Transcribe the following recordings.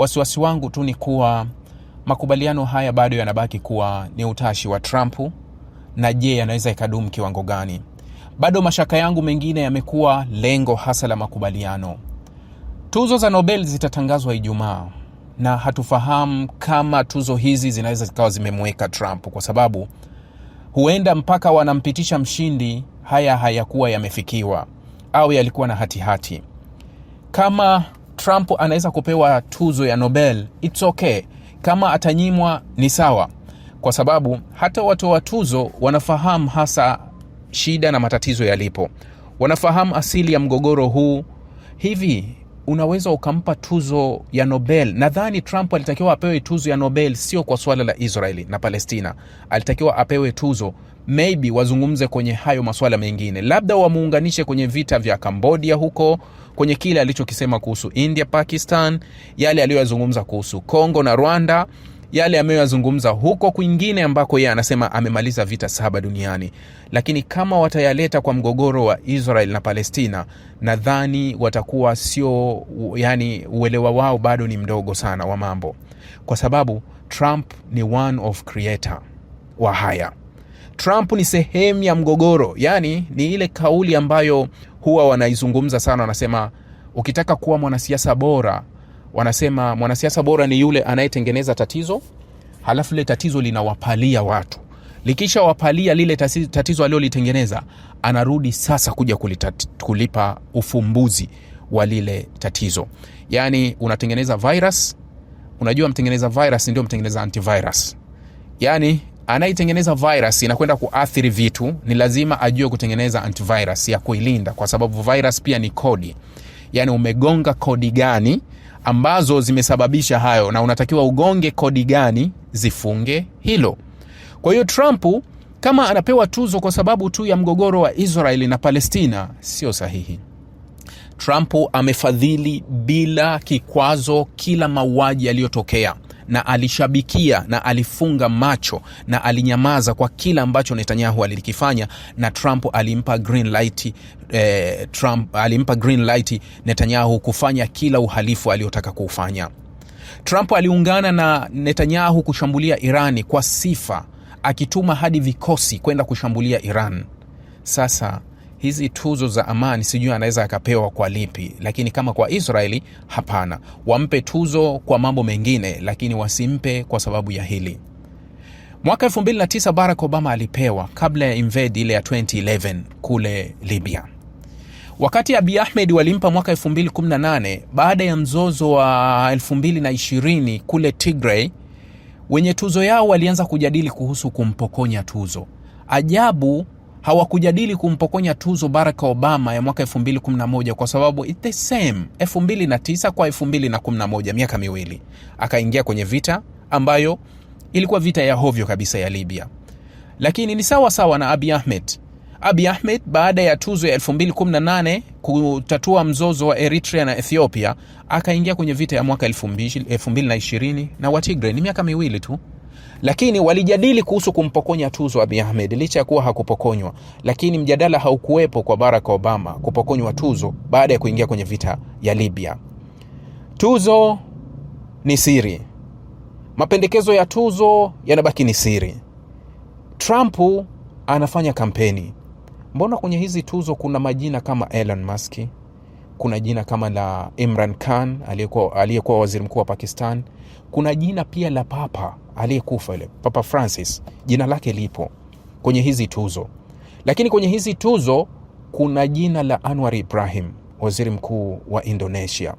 Wasiwasi wangu tu ni kuwa makubaliano haya bado yanabaki kuwa ni utashi wa Trump, na je, yanaweza ikadumu kiwango gani? Bado mashaka yangu mengine yamekuwa lengo hasa la makubaliano. Tuzo za Nobel zitatangazwa Ijumaa na hatufahamu kama tuzo hizi zinaweza zikawa zimemweka Trump, kwa sababu huenda mpaka wanampitisha mshindi haya hayakuwa yamefikiwa au yalikuwa na hatihati hati. Kama Trump anaweza kupewa tuzo ya Nobel, it's okay. Kama atanyimwa ni sawa, kwa sababu hata watoa tuzo wanafahamu hasa shida na matatizo yalipo, wanafahamu asili ya mgogoro huu. Hivi unaweza ukampa tuzo ya Nobel? Nadhani Trump alitakiwa apewe tuzo ya Nobel sio kwa suala la Israeli na Palestina, alitakiwa apewe tuzo maybe wazungumze kwenye hayo maswala mengine, labda wamuunganishe kwenye vita vya Cambodia huko kwenye kile alichokisema kuhusu India, Pakistan, yale aliyoyazungumza kuhusu Kongo na Rwanda, yale ameyoyazungumza huko kwingine ambako yeye anasema amemaliza vita saba duniani. Lakini kama watayaleta kwa mgogoro wa Israel na Palestina, nadhani watakuwa sio, yani uelewa wao bado ni mdogo sana wa mambo, kwa sababu Trump ni one of creator wa haya. Trump ni sehemu ya mgogoro, yani ni ile kauli ambayo huwa wanaizungumza sana, wanasema ukitaka kuwa mwanasiasa bora, wanasema mwanasiasa bora ni yule anayetengeneza tatizo, halafu lile tatizo linawapalia watu likishawapalia lile tatizo alilolitengeneza, anarudi sasa kuja kulipa ufumbuzi wa lile tatizo. Yaani unatengeneza virus, unajua mtengeneza virus ndio mtengeneza antivirus. Yaani anayetengeneza virus inakwenda kuathiri vitu, ni lazima ajue kutengeneza antivirus ya kuilinda, kwa sababu virus pia ni kodi. Yani umegonga kodi gani ambazo zimesababisha hayo, na unatakiwa ugonge kodi gani zifunge hilo. Kwa hiyo Trump kama anapewa tuzo kwa sababu tu ya mgogoro wa Israeli na Palestina, sio sahihi. Trump amefadhili bila kikwazo kila mauaji yaliyotokea na alishabikia na alifunga macho na alinyamaza kwa kila ambacho Netanyahu alikifanya na Trump alimpa green light, eh, Trump alimpa green light Netanyahu kufanya kila uhalifu aliotaka kuufanya. Trump aliungana na Netanyahu kushambulia Irani kwa sifa, akituma hadi vikosi kwenda kushambulia Iran. Sasa hizi tuzo za amani sijui anaweza akapewa kwa lipi, lakini kama kwa Israeli hapana, wampe tuzo kwa mambo mengine, lakini wasimpe kwa sababu ya hili. Mwaka 29 Barack Obama alipewa kabla ya invade ile ya 211 kule Libya. Wakati abi Ahmed walimpa mwaka 218 baada ya mzozo wa 220 kule tigrey wenye tuzo yao walianza kujadili kuhusu kumpokonya tuzo. Ajabu hawakujadili kumpokonya tuzo Barack Obama ya mwaka 2011 kwa sababu it's the same 2009 kwa 2011, miaka miwili. Akaingia kwenye vita ambayo ilikuwa vita ya hovyo kabisa ya Libya, lakini ni sawa sawa na Abiy Ahmed. Abiy Ahmed baada ya tuzo ya 2018 kutatua mzozo wa Eritrea na Ethiopia, akaingia kwenye vita ya mwaka 2020 na Watigre. Ni miaka miwili tu lakini walijadili kuhusu kumpokonya tuzo Abiy Ahmed licha ya kuwa hakupokonywa, lakini mjadala haukuwepo kwa Barack Obama kupokonywa tuzo baada ya kuingia kwenye vita ya Libya. Tuzo ni siri, mapendekezo ya tuzo yanabaki ni siri. Trump anafanya kampeni. Mbona kwenye hizi tuzo kuna majina kama Elon Musk, kuna jina kama la Imran Khan aliyekuwa waziri mkuu wa Pakistan kuna jina pia la papa aliyekufa ile Papa Francis, jina lake lipo kwenye hizi tuzo, lakini kwenye hizi tuzo kuna jina la Anwar Ibrahim, waziri mkuu wa Indonesia,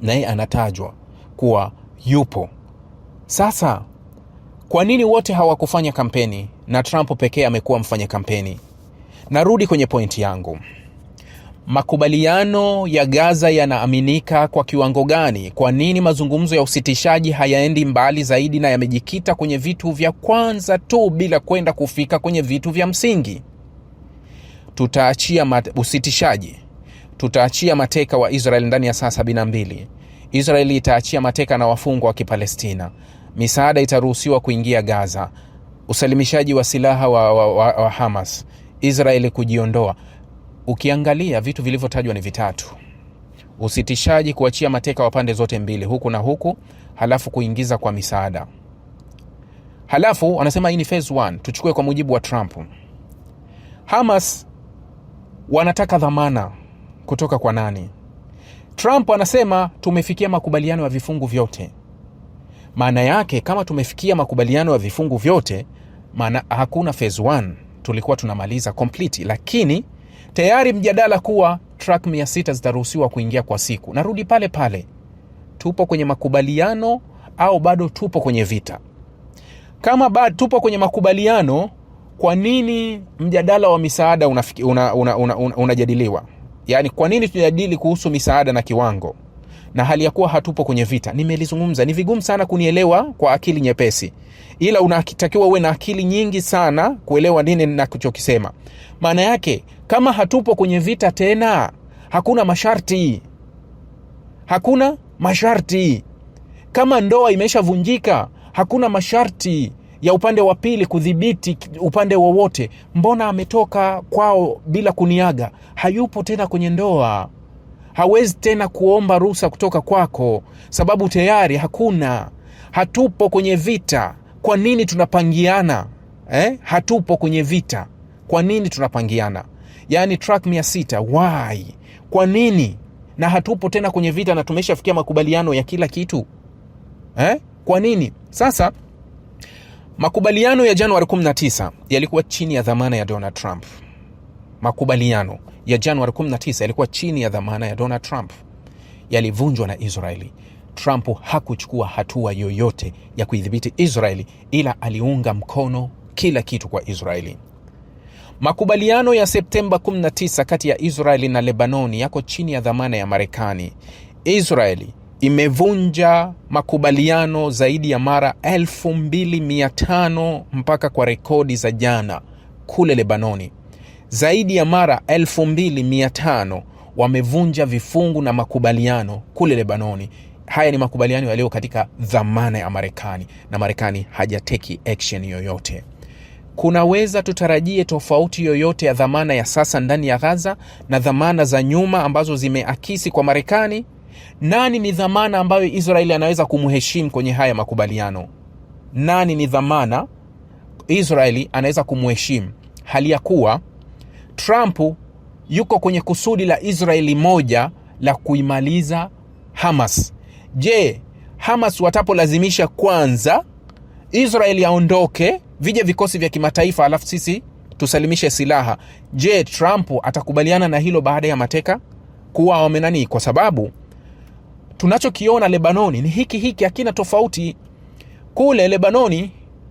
naye anatajwa kuwa yupo. Sasa kwa nini wote hawakufanya kampeni na Trump pekee amekuwa mfanya kampeni? Narudi kwenye pointi yangu. Makubaliano ya Gaza yanaaminika kwa kiwango gani? Kwa nini mazungumzo ya usitishaji hayaendi mbali zaidi na yamejikita kwenye vitu vya kwanza tu bila kwenda kufika kwenye vitu vya msingi? Tutaachia mat- usitishaji, tutaachia mateka wa Israel ndani ya saa 72. Israeli itaachia mateka na wafungwa wa Kipalestina. Misaada itaruhusiwa kuingia Gaza. Usalimishaji wa silaha wa, wa, wa, wa Hamas. Israeli kujiondoa. Ukiangalia vitu vilivyotajwa ni vitatu: usitishaji, kuachia mateka wa pande zote mbili huku na huku, halafu kuingiza kwa misaada. Halafu anasema hii ni phase 1, tuchukue kwa mujibu wa Trump. Hamas wanataka dhamana kutoka kwa nani? Trump anasema tumefikia makubaliano ya vifungu vyote. Maana yake kama tumefikia makubaliano ya vifungu vyote, maana hakuna phase 1, tulikuwa tunamaliza complete, lakini tayari mjadala kuwa track 600 zitaruhusiwa kuingia kwa siku. Narudi pale pale, tupo kwenye makubaliano au bado tupo kwenye vita? Kama bado tupo kwenye makubaliano, kwa nini mjadala wa misaada unajadiliwa? Una, una, una, una yaani, kwa nini tujadili kuhusu misaada na kiwango? na hali ya kuwa hatupo kwenye vita. Nimelizungumza, ni vigumu sana kunielewa kwa akili nyepesi, ila unatakiwa uwe na akili nyingi sana kuelewa nini nachokisema. Maana yake kama hatupo kwenye vita tena, hakuna masharti, hakuna masharti. Kama ndoa imeshavunjika, hakuna masharti ya upande wa pili kudhibiti upande wowote. Mbona ametoka kwao bila kuniaga? Hayupo tena kwenye ndoa hawezi tena kuomba ruhusa kutoka kwako, sababu tayari hakuna. Hatupo kwenye vita, kwa nini tunapangiana eh? Hatupo kwenye vita, kwa nini tunapangiana? Yaani track mia sita kwa nini? Na hatupo tena kwenye vita na tumeshafikia makubaliano ya kila kitu eh? Kwa nini sasa? Makubaliano ya Januari 19 yalikuwa chini ya dhamana ya Donald Trump makubaliano ya Januari 19 yalikuwa chini ya dhamana ya Donald Trump yalivunjwa na Israeli. Trump hakuchukua hatua yoyote ya kuidhibiti Israeli, ila aliunga mkono kila kitu kwa Israeli. Makubaliano ya Septemba 19 kati ya Israeli na Lebanoni yako chini ya dhamana ya Marekani. Israeli imevunja makubaliano zaidi ya mara 2500 mpaka kwa rekodi za jana kule Lebanoni zaidi ya mara 2500 wamevunja vifungu na makubaliano kule Lebanoni. Haya ni makubaliano yaliyo katika dhamana ya Marekani na Marekani hajateki action yoyote. Kunaweza tutarajie tofauti yoyote ya dhamana ya sasa ndani ya Gaza na dhamana za nyuma ambazo zimeakisi kwa Marekani? Nani ni dhamana ambayo Israeli anaweza kumheshimu kwenye haya makubaliano? Nani ni dhamana Israeli anaweza kumheshimu hali ya kuwa Trump yuko kwenye kusudi la Israeli moja la kuimaliza Hamas. Je, Hamas watapolazimisha kwanza Israeli aondoke, vije vikosi vya kimataifa, alafu sisi tusalimishe silaha, je, Trump atakubaliana na hilo baada ya mateka kuwa wamenani? Kwa sababu tunachokiona Lebanoni ni hiki hiki, hakina tofauti. Kule Lebanoni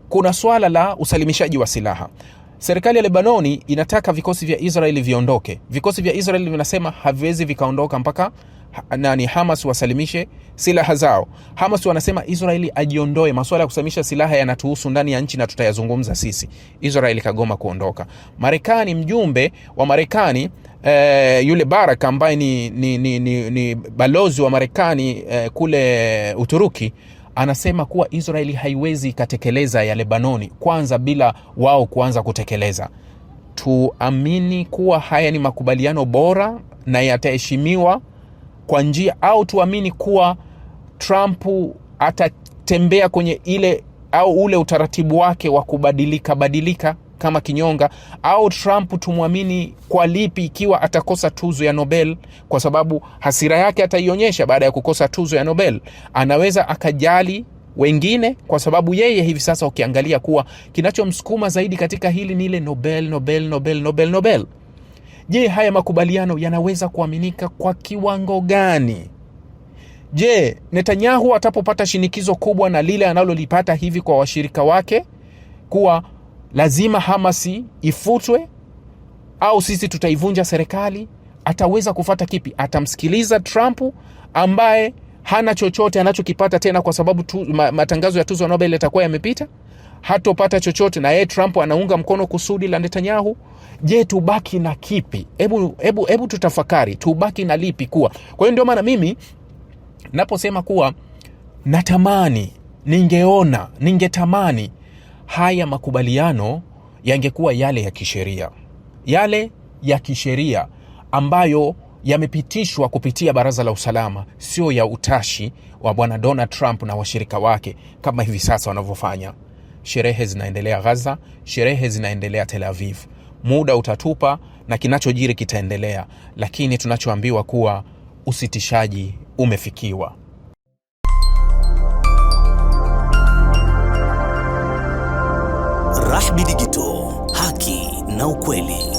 kuna swala la usalimishaji wa silaha. Serikali ya Lebanoni inataka vikosi vya Israeli viondoke. Vikosi vya Israeli vinasema haviwezi vikaondoka mpaka nani Hamas wasalimishe silaha zao. Hamas wanasema Israeli ajiondoe. Masuala ya kusalimisha silaha yanatuhusu ndani ya nchi na tutayazungumza sisi. Israeli kagoma kuondoka. Marekani, mjumbe wa Marekani eh, yule Barak ambaye ni, ni, ni, ni, ni balozi wa Marekani eh, kule Uturuki anasema kuwa Israeli haiwezi ikatekeleza ya Lebanoni kwanza bila wao kuanza kutekeleza. Tuamini kuwa haya ni makubaliano bora na yataheshimiwa kwa njia au tuamini kuwa Trump atatembea kwenye ile au ule utaratibu wake wa kubadilika badilika kama kinyonga au Trump tumwamini kwa lipi ikiwa atakosa tuzo ya Nobel? Kwa sababu hasira yake ataionyesha baada ya kukosa tuzo ya Nobel. Anaweza akajali wengine kwa sababu yeye hivi sasa ukiangalia kuwa kinachomsukuma zaidi katika hili ni ile Nobel, Nobel, Nobel, Nobel, Nobel. Je, haya makubaliano yanaweza kuaminika kwa kiwango gani? Je, Netanyahu atapopata shinikizo kubwa na lile analolipata hivi kwa washirika wake kuwa lazima Hamasi ifutwe au sisi tutaivunja serikali. Ataweza kufata kipi? Atamsikiliza Trump ambaye hana chochote anachokipata tena, kwa sababu tu, ma, matangazo ya tuzo ya Nobel yatakuwa yamepita, hatopata chochote, na yeye Trump anaunga mkono kusudi la Netanyahu. Je, tubaki na kipi? Hebu hebu hebu tutafakari, tubaki na lipi kuwa. Kwa hiyo ndio maana mimi naposema kuwa natamani, ningeona, ningetamani haya makubaliano yangekuwa yale ya kisheria, yale ya kisheria ambayo yamepitishwa kupitia Baraza la Usalama, sio ya utashi wa Bwana Donald Trump na washirika wake kama hivi sasa wanavyofanya. Sherehe zinaendelea Gaza, sherehe zinaendelea Tel Aviv. Muda utatupa na kinachojiri kitaendelea, lakini tunachoambiwa kuwa usitishaji umefikiwa. Rahby Digital, haki na ukweli.